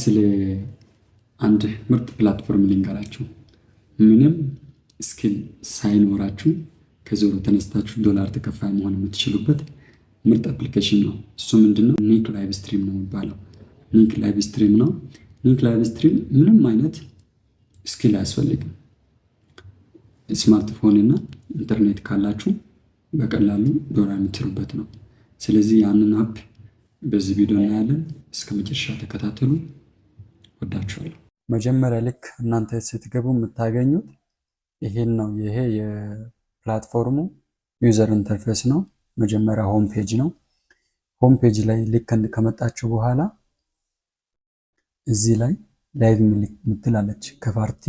ዛሬ ስለ አንድ ምርጥ ፕላትፎርም ልንገራችሁ። ምንም ስኪል ሳይኖራችሁ ከዜሮ ተነስታችሁ ዶላር ተከፋይ መሆን የምትችሉበት ምርጥ አፕሊኬሽን ነው። እሱ ምንድነው? ኒክ ላይቭ ስትሪም ነው የሚባለው። ኒክ ላይቭ ስትሪም ነው። ኒክ ላይቭ ስትሪም ምንም አይነት ስኪል አያስፈልግም። ስማርትፎን እና ኢንተርኔት ካላችሁ በቀላሉ ዶላር የምትችሉበት ነው። ስለዚህ ያንን አፕ በዚህ ቪዲዮ እናያለን። እስከ መጨረሻ ተከታተሉ። ወዳችኋለሁ። መጀመሪያ ልክ እናንተ ስትገቡ የምታገኙት ይሄን ነው። ይሄ የፕላትፎርሙ ዩዘር ኢንተርፌስ ነው። መጀመሪያ ሆም ፔጅ ነው። ሆም ፔጅ ላይ ልክ ከመጣችሁ በኋላ እዚህ ላይ ላይቭ ምትላለች ከፓርቲ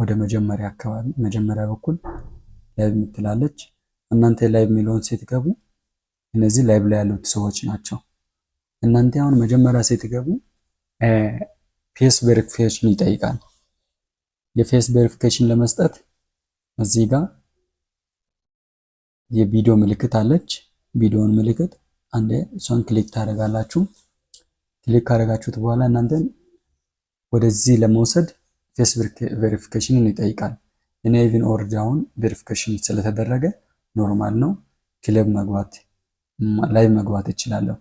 ወደ መጀመሪያ አካባቢ መጀመሪያ በኩል ላይቭ ምትላለች። እናንተ ላይቭ የሚለውን ስትገቡ እነዚህ ላይቭ ላይ ያሉት ሰዎች ናቸው። እናንተ አሁን መጀመሪያ ስትገቡ ፌስ ቬሪፊኬሽን ይጠይቃል። የፌስ ቬሪፊኬሽን ለመስጠት እዚህ ጋር የቪዲዮ ምልክት አለች። ቪዲዮን ምልክት አንዴ እሷን ክሊክ ታደርጋላችሁ። ክሊክ ካደረጋችሁት በኋላ እናንተን ወደዚህ ለመውሰድ ፌስ ቬሪፊኬሽንን ይጠይቃል። እኔ ኢቭን ኦልሬዲ አሁን ቬሪፊኬሽን ስለተደረገ ኖርማል ነው። ክለብ መግባት ላይቭ መግባት እችላለሁ።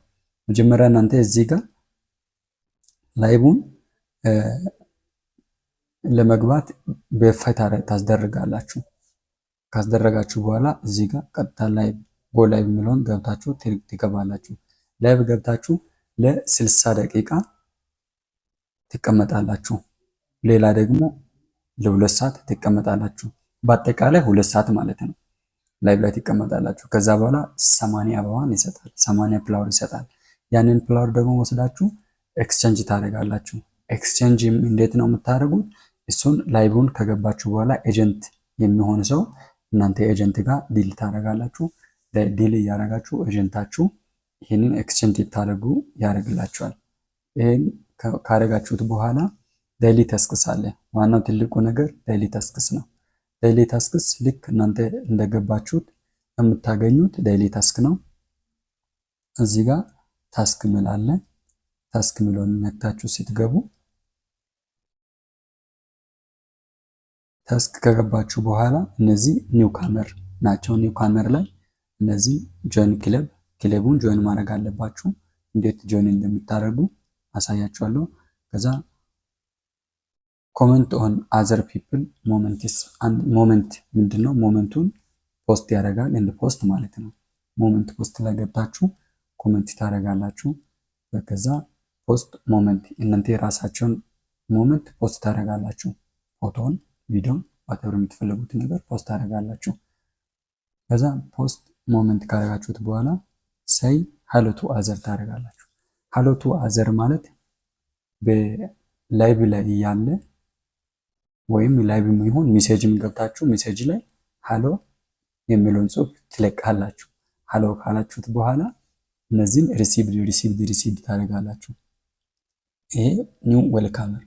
መጀመሪያ እናንተ እዚህ ጋር ላይቡን ለመግባት በፈታ ታስደርጋላችሁ። ካስደረጋችሁ በኋላ እዚህ ጋር ቀጥታ ላይ ጎ ላይቭ የሚለውን ገብታችሁ ትገባላችሁ። ላይ ገብታችሁ ለስልሳ ደቂቃ ትቀመጣላችሁ። ሌላ ደግሞ ለሁለት ሰዓት ትቀመጣላችሁ። በአጠቃላይ ሁለት ሰዓት ማለት ነው። ላይቭ ላይ ትቀመጣላችሁ። ከዛ በኋላ ሰማንያ አበባን ይሰጣል፣ ሰማንያ ፕላወር ይሰጣል። ያንን ፕላወር ደግሞ ወስዳችሁ ኤክስቸንጅ ታደርጋላችሁ። ኤክስቼንጅ እንዴት ነው የምታደርጉት? እሱን ላይቡን ከገባችሁ በኋላ ኤጀንት የሚሆን ሰው እናንተ ኤጀንት ጋር ዲል ታደርጋላችሁ። ዲል እያደረጋችሁ ኤጀንታችሁ ይህንን ኤክስቼንጅ ይታደርጉ ያደርግላችኋል። ይህን ካደረጋችሁት በኋላ ዳይሊ ተስክስ አለ። ዋናው ትልቁ ነገር ዳይሊ ተስክስ ነው። ዳይሊ ተስክስ ልክ እናንተ እንደገባችሁት የምታገኙት ዳይሊ ታስክ ነው። እዚህ ጋር ታስክ ምላለ ታስክ ምሎን ነክታችሁ ስትገቡ ተስክ ከገባችሁ በኋላ እነዚህ ኒው ካመር ናቸው። ኒው ካመር ላይ እነዚህ ጆይን ክለብ ክለቡን ጆይን ማድረግ አለባችሁ። እንዴት ጆይን እንደምታደርጉ አሳያችኋለሁ። ከዛ ኮመንት ኦን አዘር ፒፕል ሞመንትስ ሞመንት ምንድን ነው? ሞመንቱን ፖስት ያደርጋል እንደ ፖስት ማለት ነው። ሞመንት ፖስት ላይ ገብታችሁ ኮመንት ታደርጋላችሁ። ከዛ ፖስት ሞመንት እናንተ የራሳቸውን ሞመንት ፖስት ታደርጋላችሁ ፎቶን ቪዲዮን ዋትቨር የምትፈልጉት ነገር ፖስት አደርጋላችሁ ከዛ ፖስት ሞመንት ካደረጋችሁት በኋላ ሰይ ሀሎቱ አዘር ታደርጋላችሁ። ሀሎቱ አዘር ማለት በላይቭ ላይ እያለ ወይም ላይቭ የሚሆን ሜሴጅም ገብታችሁ ሜሴጅ ላይ ሀሎ የሚለውን ጽሁፍ ትለቃላችሁ። ሀሎ ካላችሁት በኋላ እነዚህን ሪሲቭድ ሪሲቭድ ሪሲቭድ ታደርጋላችሁ። ይሄ ኒው ዌልካመር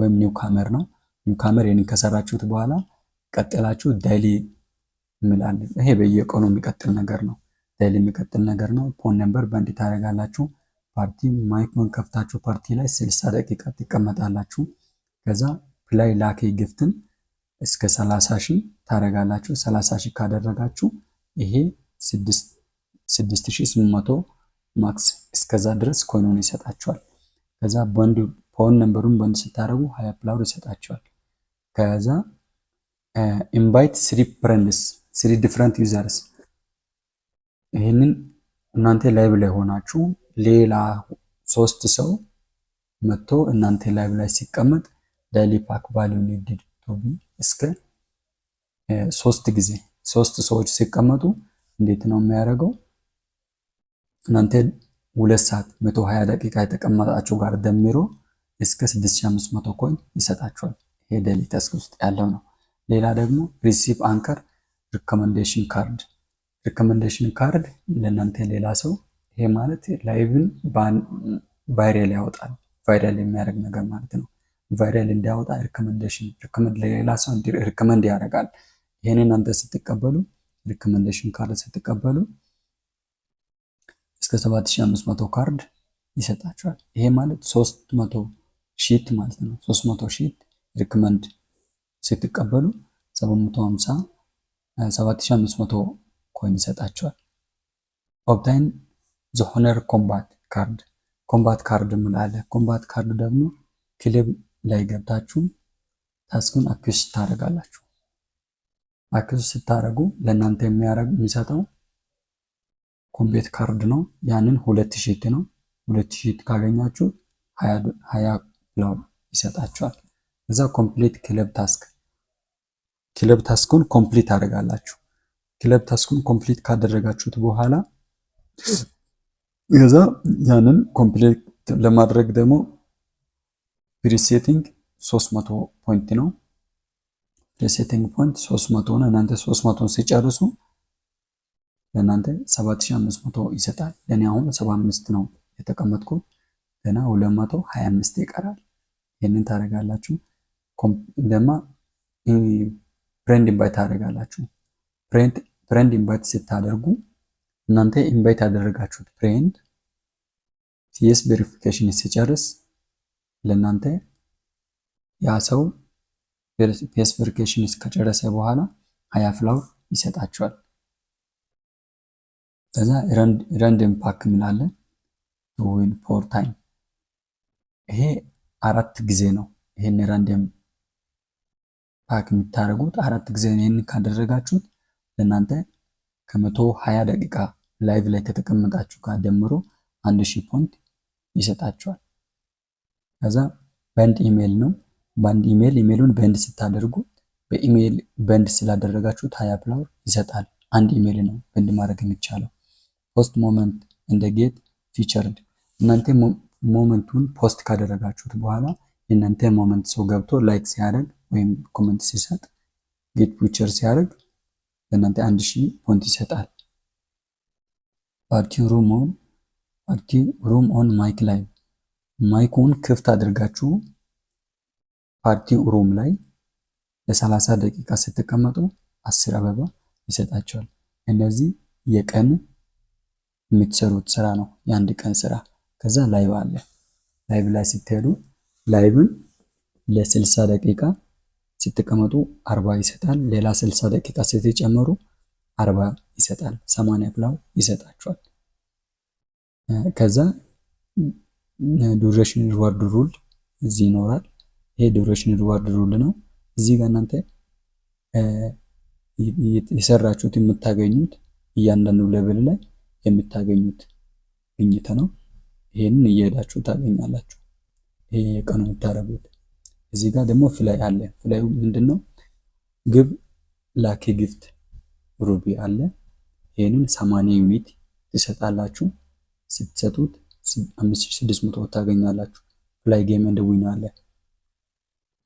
ወይም ኒው ካመር ነው። ኒውካመር ይህን ከሰራችሁት በኋላ ቀጥላችሁ ደሊ እንላለን። ይሄ በየቀኑ የሚቀጥል ነገር ነው። ደሊ የሚቀጥል ነገር ነው። ፖን ነምበር በእንዲ ታደርጋላችሁ። ፓርቲ ማይክሮን ከፍታችሁ ፓርቲ ላይ 60 ደቂቃ ትቀመጣላችሁ። ከዛ ፕላይ ላኬ ግፍትን እስከ 30 ሺ ታደርጋላችሁ። 30 ሺ ካደረጋችሁ ይሄ 6800 ማክስ እስከዛ ድረስ ኮይኑን ይሰጣችኋል። ከዛ በንድ ፖን ነምበሩን በንድ ስታደርጉ ሀያ ፕላውድ ይሰጣችኋል። ከዛ ኢንቫይት ስሪ ፍሬንድስ ስሪ ዲፍረንት ዩዘርስ ይህንን እናንተ ላይቭ ላይ ሆናችሁ ሌላ ሶስት ሰው መጥቶ እናንተ ላይቭ ላይ ሲቀመጥ ዳይሊ ፓክ ቫልዩ ኒድድ ቱ ቢ እስከ ሶስት ጊዜ ሶስት ሰዎች ሲቀመጡ እንዴት ነው የሚያደርገው? እናንተ ሁለት ሰዓት 120 ደቂቃ የተቀመጣችሁ ጋር ደምሮ እስከ 6500 ኮይን ይሰጣችኋል። ሄደን ታስክ ውስጥ ያለው ነው። ሌላ ደግሞ ሪሲቭ አንከር ሪኮመንዴሽን ካርድ ሪኮመንዴሽን ካርድ ለእናንተ ሌላ ሰው ይሄ ማለት ላይቭን ቫይራል ያወጣል። ቫይራል የሚያደርግ ነገር ማለት ነው። ቫይራል እንዲያወጣ ሪኮመንዴሽን ሪኮመንድ ለሌላ ሰው ሪኮመንድ ያደርጋል። ይሄን እናንተ ስትቀበሉ ሪኮመንዴሽን ካርድ ስትቀበሉ እስከ 7500 ካርድ ይሰጣቸዋል። ይሄ ማለት 300 ሺት ማለት ነው። 300 ሺት ሪክመንድ ስትቀበሉ 750 7500 ኮይን ይሰጣቸዋል። ኦብታይን ዝሆነር ኮምባት ካርድ ኮምባት ካርድ ምላለ ኮምባት ካርድ ደግሞ ክሊብ ላይ ገብታችሁ ታስኩን አክስ ታደርጋላችሁ። አክስ ስታደርጉ ለእናንተ የሚያደርግ የሚሰጠው ኮምቤት ካርድ ነው። ያንን ሁለት ሺት ነው። ሁለት ሺት ካገኛችሁ ሀያ ብለው ይሰጣችኋል። እዛ ኮምፕሊት ክለብ ታስክ ክለብ ታስኩን ኮምፕሊት አደርጋላችሁ። ክለብ ታስኩን ኮምፕሊት ካደረጋችሁት በኋላ ከዛ ያንን ኮምፕሊት ለማድረግ ደግሞ ፕሪሴቲንግ 300 ፖይንት ነው። ፕሪሴቲንግ ፖይንት 300 ነው። እናንተ 300 ሲጨርሱ ለእናንተ 7500 ይሰጣል። ለእኔ አሁን 75 ነው የተቀመጥኩ፣ ገና 225 ይቀራል። ይህንን ታደርጋላችሁ። ደማ ፍሬንድ ኢንቫይት ታደርጋላችሁ። ፍሬንድ ኢንቫይት ስታደርጉ እናንተ ኢንቫይት ያደረጋችሁት ፍሬንድ ቲኤስ ቬሪፊኬሽን ሲጨርስ ለእናንተ ያ ሰው ፌስ ቬሪፊኬሽን ከጨረሰ በኋላ ሀያ ፍላው ይሰጣችኋል። ከዛ ረንደም ፓክ ምናለ ዊን ፎር ታይም ይሄ አራት ጊዜ ነው። ይሄን ረንደም ፓክ የምታደርጉት አራት ጊዜ ይህንን ካደረጋችሁት ለእናንተ ከመቶ ሀያ ደቂቃ ላይቭ ላይ ከተቀመጣችሁ ጋር ደምሮ አንድ ሺህ ፖንት ይሰጣችኋል። ከዛ በንድ ኢሜይል ነው። በአንድ ኢሜይል ኢሜይሉን በንድ ስታደርጉ በኢሜይል በንድ ስላደረጋችሁት ሀያ ፕላወር ይሰጣል። አንድ ኢሜይል ነው በንድ ማድረግ የሚቻለው። ፖስት ሞመንት እንደ ጌት ፊቸርድ እናንተ ሞመንቱን ፖስት ካደረጋችሁት በኋላ የእናንተ ሞመንት ሰው ገብቶ ላይክ ሲያደርግ ወይም ኮመንት ሲሰጥ ጌት ፒውቸር ሲያደርግ ለእናንተ አንድ ሺህ ፖንት ይሰጣል። ፓርቲ ሩም ኦን ፓርቲ ሩም ኦን ማይክ ላይ ማይኩን ክፍት አድርጋችሁ ፓርቲ ሩም ላይ ለሰላሳ ደቂቃ ስትቀመጡ አስር አበባ ይሰጣቸዋል። እነዚህ የቀን የምትሰሩት ስራ ነው፣ የአንድ ቀን ስራ። ከዛ ላይቭ አለ። ላይቭ ላይ ስትሄዱ ላይቭን ለስልሳ ደቂቃ ስትቀመጡ አርባ ይሰጣል። ሌላ ስልሳ ደቂቃ ስትጨምሩ አርባ ይሰጣል። ሰማንያ ብላው ይሰጣችኋል። ከዛ ዱሬሽን ሪዋርድ ሩል እዚህ ይኖራል። ይሄ ዱሬሽን ሪዋርድ ሩል ነው። እዚህ ጋር እናንተ የሰራችሁት የምታገኙት እያንዳንዱ ሌቭል ላይ የምታገኙት ግኝት ነው። ይህንን እየሄዳችሁ ታገኛላችሁ። ይሄ የቀኑ የምታረጉት እዚህ ጋር ደግሞ ፍላይ አለ። ፍላዩ ምንድን ነው? ግብ ላኪ ግፍት ሩቢ አለ። ይህንን 80 ዩኒት ትሰጣላችሁ። ስትሰጡት 5600 መቶ ታገኛላችሁ። ፍላይ ጌም እንደ ዊን አለ።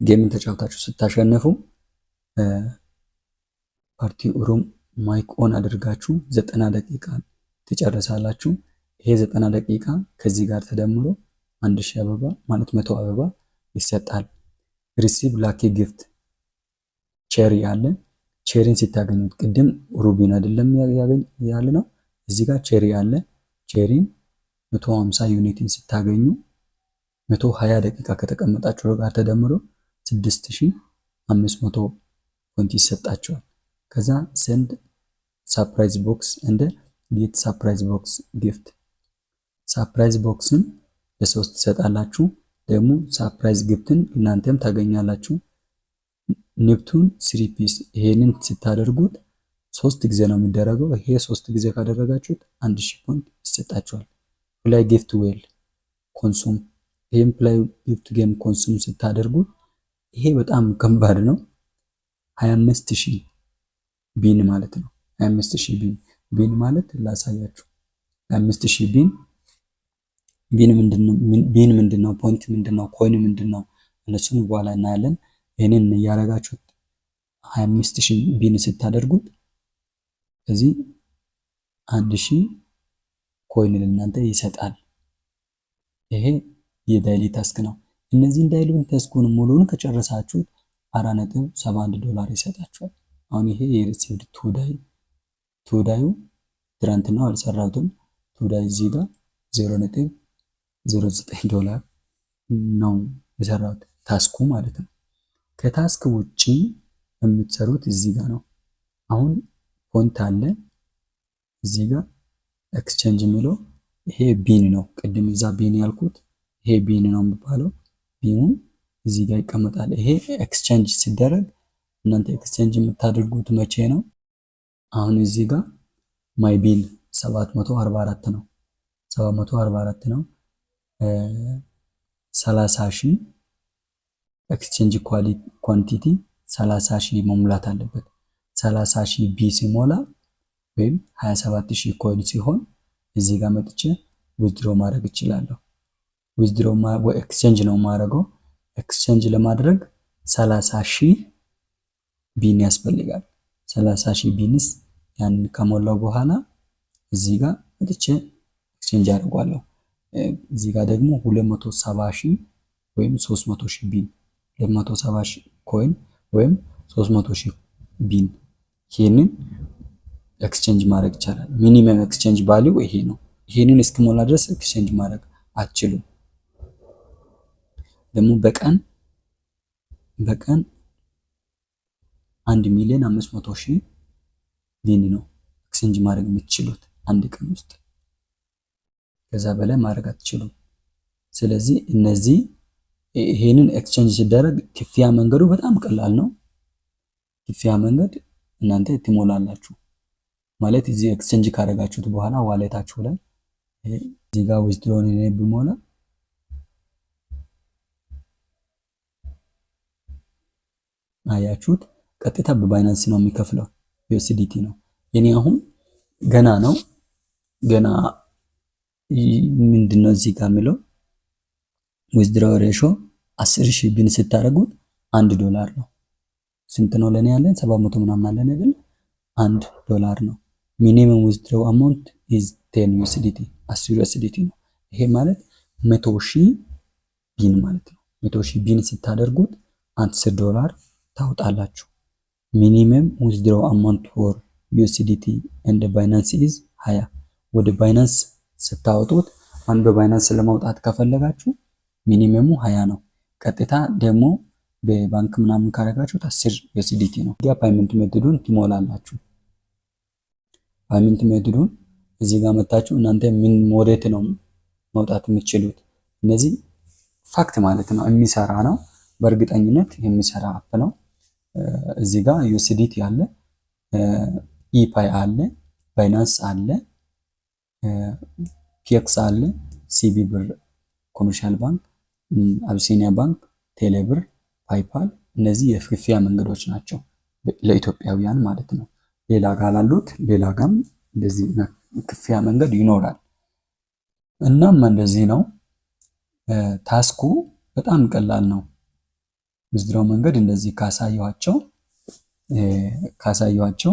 ጌምን ተጫውታችሁ ስታሸነፉ ፓርቲ ሩም ማይክ ኦን አድርጋችሁ ዘጠና ደቂቃ ትጨርሳላችሁ። ይሄ ዘጠና ደቂቃ ከዚህ ጋር ተደምሮ አንድ ሺህ አበባ ማለት መቶ አበባ ይሰጣል። ሪሲቭ ላኪ ግፍት ቼሪ አለ። ቼሪን ሲታገኙት ቅድም ሩቢን አይደለም ያለ ነው። እዚህ ጋር ቼሪ አለ። ቼሪን 150 ዩኒትን ስታገኙ 120 ደቂቃ ከተቀመጣችሁ ጋር ተደምሮ 6500 ፖይንት ይሰጣቸዋል። ከዛ ሰንድ ሳፕራይዝ ቦክስ እንደ ጌት ሳፕራይዝ ቦክስ ጊፍት ሳፕራይዝ ቦክስን ለሰው ትሰጣላችሁ። ደግሞ ሳፕራይዝ ግፍትን እናንተም ታገኛላችሁ። ኔፕቱን ፒስ ይሄንን ስታደርጉት ሶስት ጊዜ ነው የሚደረገው። ይሄ ሶስት ጊዜ ካደረጋችሁት አንድ ሺህ ፖንት ይሰጣችኋል። ፕላይ ጊፍት ዌል ኮንሱም ይህም ፕላይ ጊፍት ጌም ኮንሱም ስታደርጉት ይሄ በጣም ከባድ ነው። 25000 ቢን ማለት ነው። 25000 ቢን ቢን ማለት ላሳያችሁ 25000 ቢን ቢን ምንድን ነው፣ ፖይንት ምንድን ነው፣ ኮይን ምንድን ነው፣ እነሱን በኋላ እናያለን። ይህንን እያደረጋችሁት 25 ሺህ ቢን ስታደርጉት እዚህ አንድ ሺህ ኮይን ለእናንተ ይሰጣል። ይሄ የዳይሊ ታስክ ነው። እነዚህን ዳይሊውን ታስኩን ሙሉውን ከጨረሳችሁት 4.71 ዶላር ይሰጣችኋል። አሁን ይሄ የሪሲቭድ ቱዳይ ቱዳዩ ትናንትና አልሰራሁትም። ቱዳይ እዚህ ጋር ዜሮ 09 ዶላር ነው የሰራሁት ታስኩ ማለት ነው። ከታስክ ውጪ የምትሰሩት እዚህ ጋር ነው። አሁን ፎንት አለ እዚህ ጋር ኤክስቼንጅ የሚለው ይሄ ቢን ነው። ቅድም እዛ ቢን ያልኩት ይሄ ቢን ነው የሚባለው። ቢኑም እዚህ ጋር ይቀመጣል። ይሄ ኤክስቼንጅ ሲደረግ እናንተ ኤክስቼንጅ የምታደርጉት መቼ ነው? አሁን እዚህ ጋር ማይ ቢን 744 ነው 744 ነው። ሰላሳ ሺህ ኤክስቼንጅ ኳንቲቲ ሰላሳ ሺህ መሙላት አለበት። ሰላሳ ሺ ቢ ሲሞላ ወይም 27 ሺህ ኮይን ሲሆን እዚህ ጋር መጥቼ ዊዝድሮ ማድረግ እችላለሁ። ዊዝድሮ ኤክስቼንጅ ነው ማድረገው። ኤክስቼንጅ ለማድረግ 30 ሺህ ቢን ያስፈልጋል። 30 ሺ ቢንስ ያን ከሞላው በኋላ እዚህ ጋር መጥቼ ኤክስቼንጅ አድርጓለሁ። እዚህ ጋር ደግሞ 270 ሺህ ወይም 300 ሺህ ቢን 270 ሺህ ኮይን ወይም 300 ሺህ ቢን ይሄንን ኤክስቼንጅ ማድረግ ይቻላል። ሚኒመም ኤክስቼንጅ ቫሊው ይሄ ነው። ይሄንን እስኪሞላ ድረስ ኤክስቼንጅ ማድረግ አችሉም። ደግሞ በቀን በቀን 1 ሚሊዮን 500 ሺህ ቢን ነው ኤክስቼንጅ ማድረግ የምትችሉት አንድ ቀን ውስጥ ከዛ በላይ ማድረግ አትችሉም። ስለዚህ እነዚህ ይሄንን ኤክስቼንጅ ሲደረግ ክፍያ መንገዱ በጣም ቀላል ነው። ክፍያ መንገድ እናንተ ትሞላላችሁ ማለት እዚህ ኤክስቼንጅ ካደረጋችሁት በኋላ ዋሌታችሁ ላይ እዚህ ጋር ዊዝድሮን እኔ ብሞላ አያችሁት፣ ቀጥታ በባይናንስ ነው የሚከፍለው ዩኤስዲቲ ነው። የኔ አሁን ገና ነው ገና ምንድነው እዚህ ጋር የሚለው ዊዝድሮው ሬሾ 10 ሺህ ብን ስታደርጉት አንድ ዶላር ነው። ስንት ነው ለኔ ያለን? 700 ምናምን አለን አይደል? አንድ ዶላር ነው። ሚኒመም ዊዝድሮው አማውንት ኢዝ 10 ዩኤስዲቲ 10 ዩኤስዲቲ ነው። ይሄ ማለት 100 ሺህ ቢን ማለት ነው። 100 ሺህ ቢን ስታደርጉት 10 ዶላር ታውጣላችሁ። ሚኒመም ዊዝድሮው አማውንት ፎር ዩኤስዲቲ ኤንድ ባይናንስ ኢዝ 20 ወደ ባይናንስ ስታወጡት አንድ በባይናንስ ለማውጣት ከፈለጋችሁ ሚኒመሙ ሀያ ነው። ቀጥታ ደግሞ በባንክ ምናምን ካረጋችሁት አስር ዩኤስዲቲ ነው። ያ ፓይመንት ሜትዱን ትሞላላችሁ። ፓይመንት ሜትዱን እዚህ ጋር መታችሁ እናንተ ምን ሞዴት ነው መውጣት የምትችሉት። እነዚህ ፋክት ማለት ነው፣ የሚሰራ ነው በእርግጠኝነት የሚሰራ አፕ ነው። እዚህ ጋር ዩኤስዲቲ አለ፣ ኢፓይ አለ፣ ባይናንስ አለ ፒኤክስ አለ፣ ሲቢ ብር፣ ኮመርሻል ባንክ፣ አብሲኒያ ባንክ፣ ቴሌብር፣ ፓይፓል እነዚህ የክፍያ መንገዶች ናቸው ለኢትዮጵያውያን ማለት ነው። ሌላ ጋር ላሉት ሌላ ጋም እንደዚህ ክፍያ መንገድ ይኖራል። እናም እንደዚህ ነው። ታስኩ በጣም ቀላል ነው። ዊዝድሮው መንገድ እንደዚህ ካሳየኋቸው ካሳየኋቸው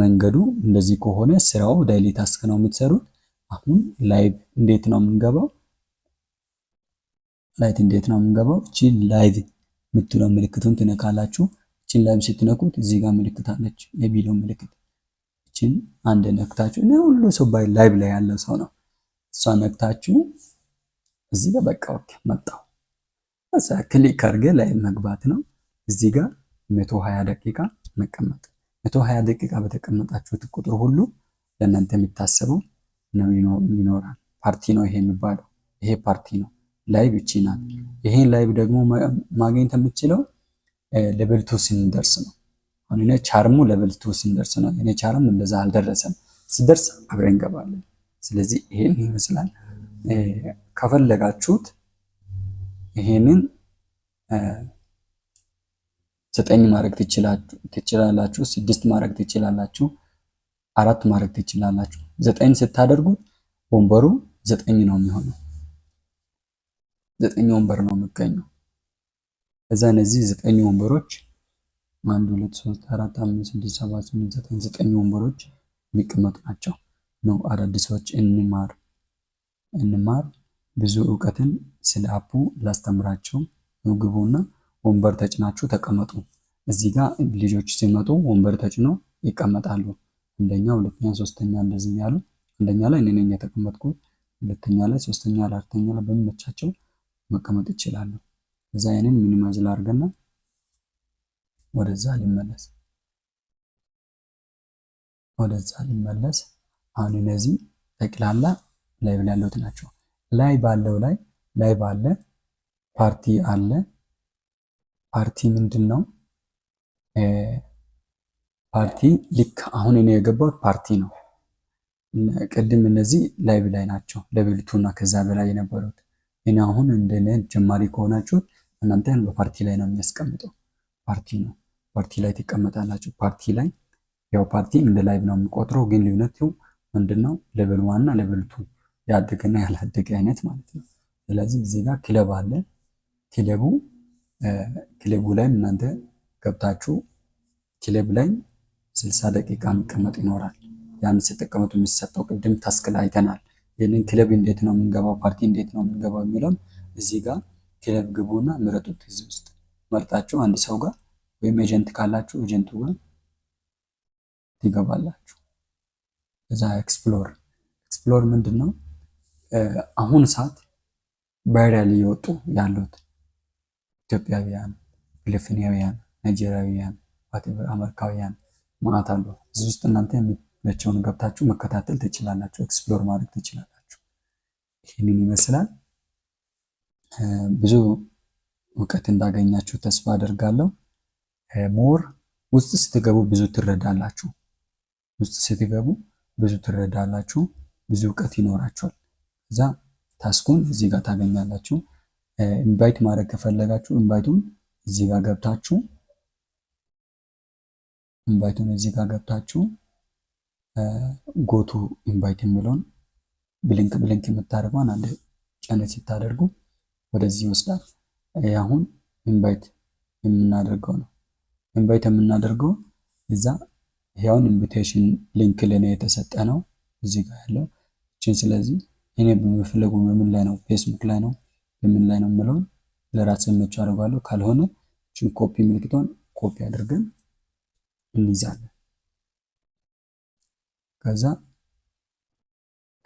መንገዱ እንደዚህ ከሆነ ስራው ዳይሊ ታስክ ነው የምትሰሩት። አሁን ላይቭ እንዴት ነው የምንገባው? ላይት እንዴት ነው የምንገባው? እቺ ላይቭ የምትለው ምልክቱን ትነካላችሁ። እቺን ላይቭ ስትነኩት እዚህ ጋር ምልክት አለች፣ የቪዲዮ ምልክት። እቺን አንድ ነክታችሁ እና ሁሉ ሰው ባይ ላይቭ ላይ ያለው ሰው ነው። እሷ ነክታችሁ እዚህ ጋር በቃ ኦኬ መጣው። ክሊክ አድርገ ላይቭ መግባት ነው። እዚህ ጋር 120 ደቂቃ መቀመጥ 120 ደቂቃ በተቀመጣችሁት ቁጥር ሁሉ ለእናንተ የሚታሰበው ነው ይኖራል። ፓርቲ ነው ይሄ የሚባለው ይሄ ፓርቲ ነው። ላይቭ እቺ ናት። ይሄን ላይቭ ደግሞ ማግኘት የምችለው ለበልቱ ስንደርስ ነው። አሁን እኔ ቻርሙ ለበልቱ ስንደርስ ነው። እኔ ቻርም እንደዛ አልደረሰም። ስደርስ አብረን እንገባለን። ስለዚህ ይሄን ይመስላል። ከፈለጋችሁት ይሄንን ዘጠኝ ማድረግ ትችላላችሁ። ስድስት ማድረግ ትችላላችሁ። አራት ማድረግ ትችላላችሁ። ዘጠኝ ስታደርጉት ወንበሩ ዘጠኝ ነው የሚሆነው። ዘጠኝ ወንበር ነው የሚገኘው። እዛ እነዚህ ዘጠኝ ወንበሮች አንድ ሁለት ሶስት አራት አምስት ስድስት ሰባት ስምንት ዘጠኝ ዘጠኝ ወንበሮች የሚቀመጡ ናቸው። ነው አዳዲስ ሰዎች እንማር እንማር ብዙ እውቀትን ስለ አፑ ላስተምራቸው ምግቡና ወንበር ተጭናችሁ ተቀመጡ። እዚህ ጋር ልጆች ሲመጡ ወንበር ተጭኖ ይቀመጣሉ። አንደኛ፣ ሁለተኛ፣ ሶስተኛ እንደዚህ እያሉ አንደኛ ላይ እኔ ነኝ የተቀመጥኩት፣ ሁለተኛ ላይ፣ ሶስተኛ ላይ፣ አራተኛ ላይ በሚመቻቸው መቀመጥ ይችላሉ። እዛ ይህንን ሚኒማይዝ ላድርግና ወደዛ ሊመለስ ወደዛ ሊመለስ። አሁን እነዚህ ጠቅላላ ላይ ብላ ያሉት ናቸው። ላይ ባለው ላይ ላይ ባለ ፓርቲ አለ ፓርቲ ምንድን ነው? ፓርቲ ልክ አሁን እኔ የገባሁት ፓርቲ ነው። ቅድም እነዚህ ላይብ ላይ ናቸው ለብልቱ እና ከዛ በላይ የነበሩት። እኔ አሁን እንደ ጀማሪ ከሆናችሁ እናንተን በፓርቲ ላይ ነው የሚያስቀምጠው። ፓርቲ ነው፣ ፓርቲ ላይ ትቀመጣላችሁ። ፓርቲ ላይ ያው ፓርቲ እንደ ላይብ ነው የሚቆጥረው፣ ግን ልዩነቱ ምንድነው? ሌቨል ዋና ሌቨልቱ ያደገና ያላደገ አይነት ማለት ነው። ስለዚህ እዚህ ጋር ክለብ አለ ክለቡ ክለቡ ላይ እናንተ ገብታችሁ ክለብ ላይ ስልሳ ደቂቃ መቀመጥ ይኖራል። ያን ስትቀመጡ የሚሰጠው ቅድም ታስክ ላይ አይተናል። ይህንን ክለብ እንዴት ነው የምንገባው፣ ፓርቲ እንዴት ነው የምንገባው የሚለውን እዚህ ጋር ክለብ ግቡና ምረጡት። እዚህ ውስጥ መርጣችሁ አንድ ሰው ጋር ወይም ኤጀንት ካላችሁ ኤጀንቱ ጋር ትገባላችሁ። እዛ ኤክስፕሎር ኤክስፕሎር ምንድን ነው አሁን ሰዓት ቫይራል እየወጡ ያሉት ኢትዮጵያውያን፣ ፊሊፒናውያን፣ ናይጄሪያውያን፣ ዋቴቨር አሜሪካውያን መዓት አሉ። እዚህ ውስጥ እናንተ የሚመቸውን ገብታችሁ መከታተል ትችላላችሁ፣ ኤክስፕሎር ማድረግ ትችላላችሁ። ይህንን ይመስላል። ብዙ እውቀት እንዳገኛችሁ ተስፋ አደርጋለሁ። ሞር ውስጥ ስትገቡ ብዙ ትረዳላችሁ። ውስጥ ስትገቡ ብዙ ትረዳላችሁ። ብዙ እውቀት ይኖራችኋል። እዛ ታስኩን እዚህ ጋር ታገኛላችሁ። ኢንቫይት ማድረግ ከፈለጋችሁ ኢንቫይቱን እዚህ ጋር ገብታችሁ ኢንቫይቱን እዚህ ጋር ገብታችሁ ጎቱ ኢንቫይት የሚለውን ብሊንክ ብሊንክ የምታደርገውን አንድ ጨነት ሲታደርጉ ወደዚህ ይወስዳል። አሁን ኢንቫይት የምናደርገው ነው። ኢንቫይት የምናደርገው እዛ ይኸውን ኢንቪቴሽን ሊንክ ለኔ የተሰጠ ነው እዚህ ጋር ያለው እችን። ስለዚህ እኔ በምፈልገው በምን ላይ ነው? ፌስቡክ ላይ ነው በምን ላይ ነው የምለውን ለራስ መቼ አደርጋለሁ። ካልሆነ ችን ኮፒ ምልክቷን ኮፒ አድርገን እንይዛለን። ከዛ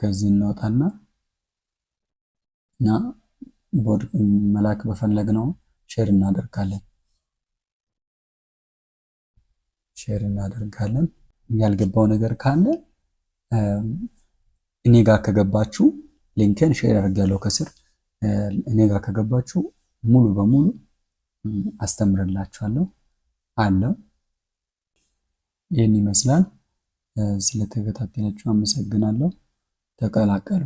ከዚህ እናወጣና እና ቦርድ መላክ በፈለግነው ሼር እናደርጋለን ሼር እናደርጋለን። ያልገባው ነገር ካለ እኔ ጋር ከገባችሁ ሊንክን ሼር አድርጋለሁ ከስር እኔ ጋር ከገባችሁ ሙሉ በሙሉ አስተምርላችኋለሁ አለው። ይህን ይመስላል። ስለተከታተላችሁ አመሰግናለሁ። ተቀላቀሉ።